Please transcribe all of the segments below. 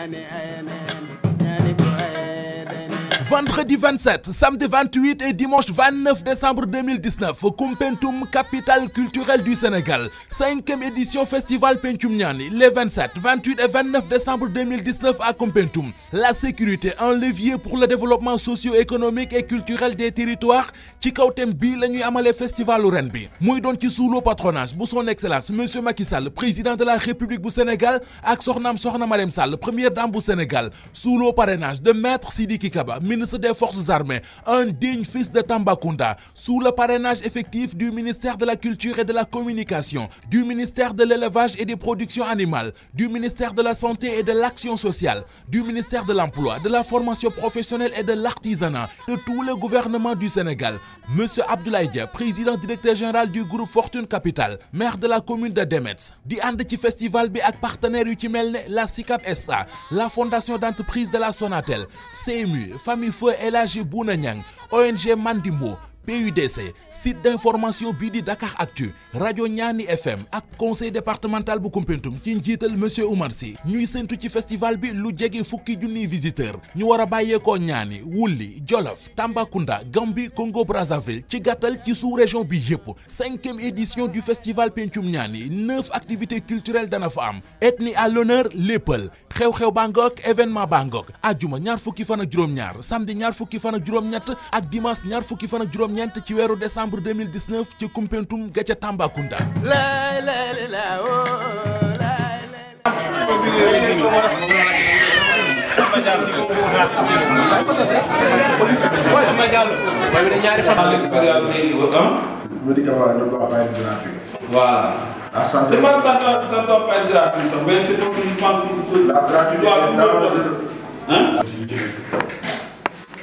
amen, amen. vendredi 27 samedi 28 et dimanche 29 décembre 2019 Kumpentum, capitale culturelle du Sénégal 5e édition festival Pentium Niani, les 27 28 et 29 décembre 2019 à Kumpentum. la sécurité un levier pour le développement socio-économique et culturel des territoires ci la nuit festivalu ren bi sous le patronage de son excellence monsieur Macky Sall président de la République du Sénégal ak soxnaam soxna Sall première dame du Sénégal sous le parrainage de maître Sidiki Kaba ministre des Forces armées, un digne fils de Tambacounda, sous le parrainage effectif du ministère de la Culture et de la Communication, du ministère de l'Élevage et des Productions Animales, du ministère de la Santé et de l'Action Sociale, du ministère de l'Emploi, de la Formation Professionnelle et de l'Artisanat, de tout le gouvernement du Sénégal. Monsieur Abdoulaye Dia, président directeur général du groupe Fortune Capital, maire de la commune de Demetz, di Andeti festival bi partenaire partenaires la SICAP SA, la Fondation d'entreprise de la Sonatel, CMU, famille feu El Hadji Bouna Niang ONG Mandimbo PUDC site d'information Bidi Dakar Actu Radio NYANI FM ak conseil départemental bu Pentum ci M. monsieur Oumar Sy ñuy séntu ci festival bi lu jege fukki visiteur ñu wara a ko Ñaani Wulli Jolof Tambacounda Gambie Congo Brazzaville ci gàttal ci sous-région bi yépp 5e édition du festival Pentum Nyani. 9 activités culturelles dana fa am ethnie à l'honneur léppal xew-xew Bangok événement Bangok Adjuman ñaar fukki fan ak ñaar samedi ñaar fukki fan ak ak dimanche juróom-ñeent ci weeru décembre 2019 ci Koumpentoum ga ca Tambacounda médicament ne doit pas être gratuit. Voilà. La santé. C'est pas ça ne doit pas être gratuit, mais c'est parce que je pense que. La gratuité est dangereuse. Hein?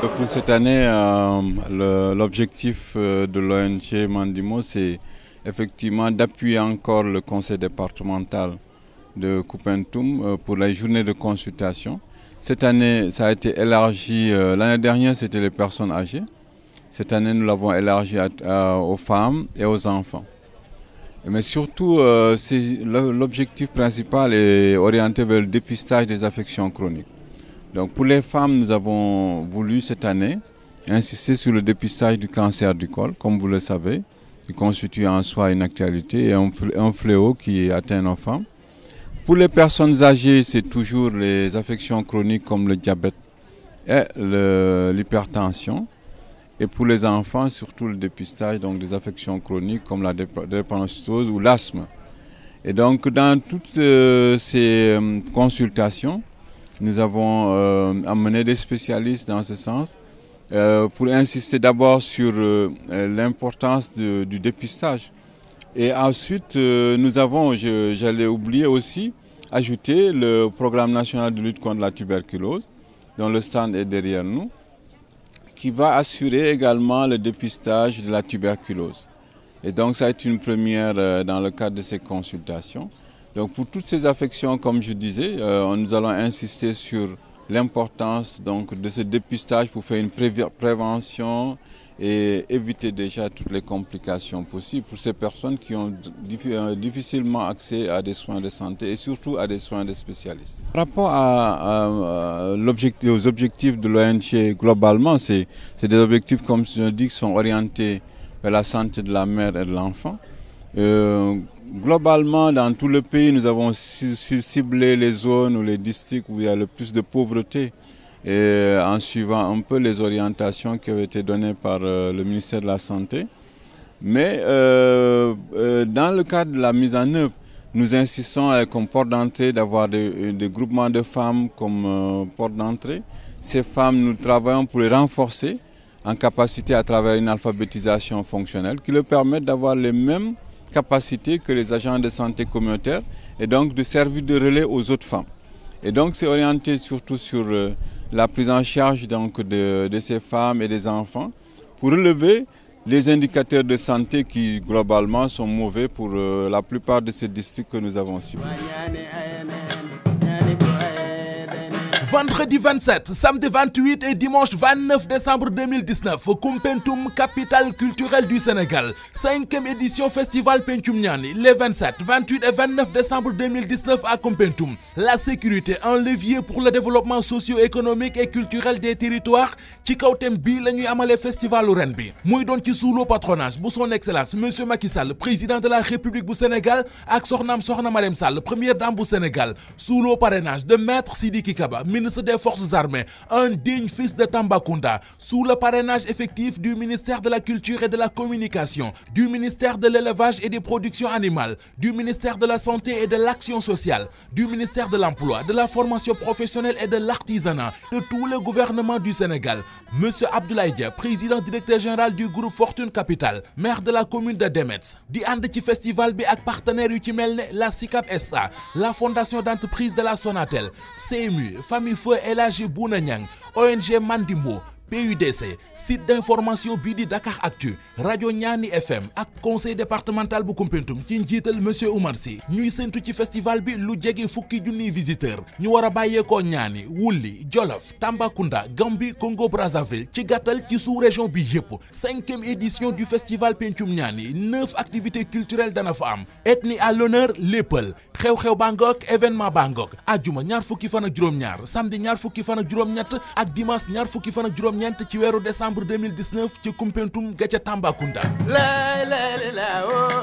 Pour cette année, euh, l'objectif euh, de l'ONG Mandimo, c'est effectivement d'appuyer encore le conseil départemental de Coupentum euh, pour la journée de consultation. Cette année, ça a été élargi. L'année dernière, c'était les personnes âgées. Cette année, nous l'avons élargi aux femmes et aux enfants. Mais surtout, euh, l'objectif principal est orienté vers le dépistage des affections chroniques. Donc pour les femmes, nous avons voulu cette année insister sur le dépistage du cancer du col, comme vous le savez, qui constitue en soi une actualité et un fléau qui atteint nos femmes. Pour les personnes âgées, c'est toujours les affections chroniques comme le diabète et l'hypertension. Et pour les enfants, surtout le dépistage donc des affections chroniques comme la drépanocytose ou l'asthme. Et donc dans toutes euh, ces euh, consultations, nous avons euh, amené des spécialistes dans ce sens pour insister d'abord sur l'importance du dépistage. Et ensuite, nous avons, j'allais oublier aussi, ajouté le programme national de lutte contre la tuberculose, dont le stand est derrière nous qui va assurer également le dépistage de la tuberculose. Et donc ça est une première euh, dans le cadre de ces consultations. Donc pour toutes ces affections, comme je disais, euh, nous allons insister sur l'importance donc de ce dépistage pour faire une prévention et éviter déjà toutes les complications possibles pour ces personnes qui ont euh, difficilement accès à des soins de santé et surtout à des soins de spécialistes. Par rapport à, aux objectifs de l'ONG globalement, c'est des objectifs comme je dis qui sont orientés vers la santé de la mère et de l'enfant. Euh, globalement, dans tout le pays, nous avons ciblé les zones ou les districts où il y a le plus de pauvreté et euh, en suivant un peu les orientations qui ont été données par euh, le ministère de la Santé. Mais euh, dans le cadre de la mise en œuvre, nous insistons comme porte d'entrée d'avoir des, groupements de femmes comme porte d'entrée. Ces femmes, nous travaillons pour les renforcer en capacité à travers une alphabétisation fonctionnelle qui leur permet d'avoir les mêmes capacités que les agents de santé communautaire et donc de servir de relais aux autres femmes. Et donc c'est orienté surtout sur la prise en charge donc, de, ces femmes et des enfants pour relever les indicateurs de santé qui globalement sont mauvais pour euh, la plupart de ces districts que nous avons ciblés vendredi 27 samedi 28 et dimanche 29 décembre 2019 Kumpentoum, capitale culturelle du Sénégal cinquième édition festival Pencum Niani, les 27 28 et 29 décembre 2019 à Kumpentoum. la sécurité un levier pour le développement socio-économique et culturel des territoires ci la nuit festivalu sous le patronage bu son excellence monsieur Macky Sall président de la république du Sénégal ak Sornam soxna Sall première dame du Sénégal sous le parrainage de maître Sidi Kikaba ministre des Forces armées, un digne fils de Tambacounda, sous le parrainage effectif du ministère de la Culture et de la Communication, du ministère de l'Élevage et des Productions animales, du ministère de la Santé et de l'Action sociale, du ministère de l'Emploi, de la Formation professionnelle et de l'Artisanat, de tout le gouvernement du Sénégal. Monsieur Abdoulaye président directeur général du groupe Fortune Capital, maire de la commune de Demetz, di Andeti festival B partenaire partenaires la SICAP SA, la fondation d'entreprise de la Sonatel, CMU, famille kilifa El Hadji Bouna Niang ONG Mandimbo PUDC site d'information Bidi Dakar Actu Radio Nyani FM ak conseil départemental bu Pentum, ci monsieur Oumar Sy ñuy séntu festival bi lu jege fukki visiteur ñu wara bayé ko Ñaani Wulli Jolof Gambie Congo Brazzaville ci gàttal ci sous-région bi 5 cinquième édition du festival Pentium Nyani. neuf activités culturelles dana fa am ethnie à l'honneur Lepel, xew-xew Bangok événement Bangok ajjuma ñaar fukki fan ak juróom-ñaar samedi ñaar fukki fan ak ak dimanche ñaar fukki ñeent ci weeru décembre 2019 ci Koumpentoum ga ca Tambacounda oh.